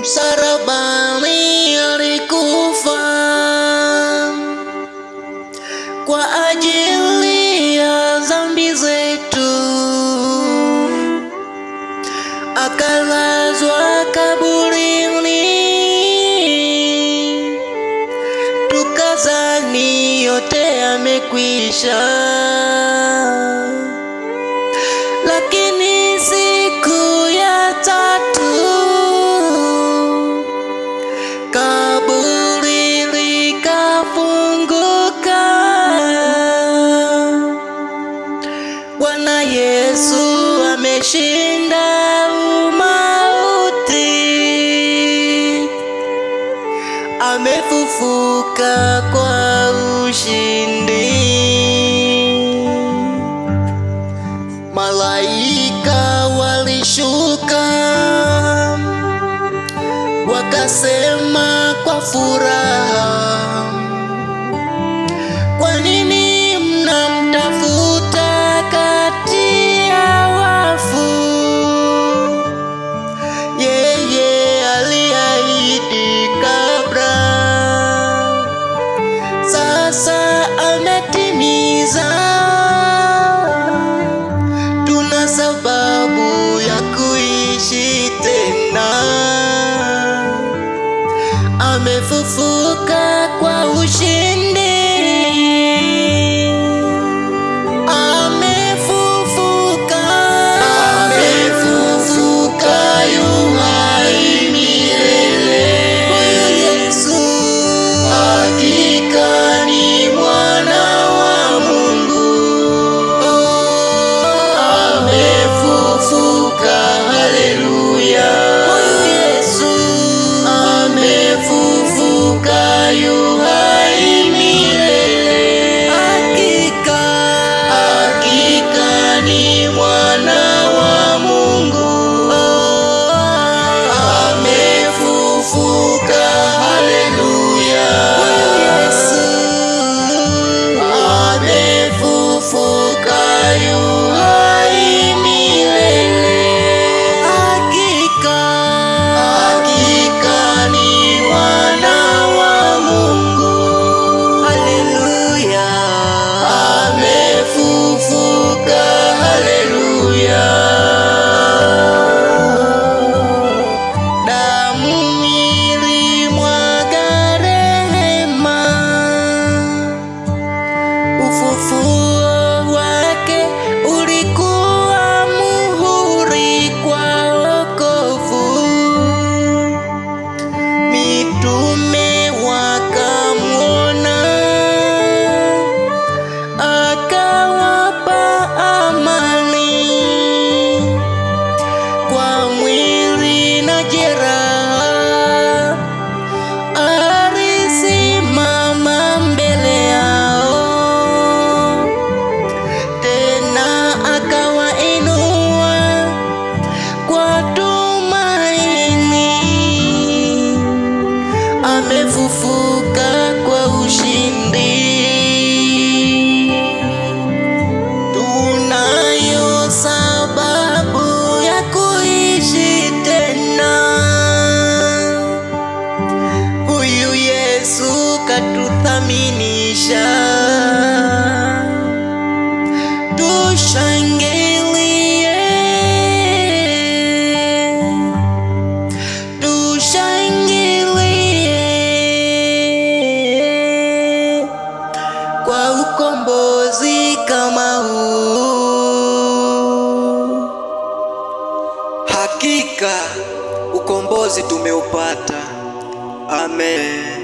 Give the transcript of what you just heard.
msalabani alikufa kwa ajili ya dhambi zetu, akalazwa kaburini, tukazani yote amekwisha. Yesu ameshinda umauti, amefufuka kwa ushindi. Malaika walishuka wakasema kwa furaha meant for fools. yatuthaminisha, tushangilie, tushangilie kwa ukombozi kama huu. Hakika ukombozi tumeupata. Amen.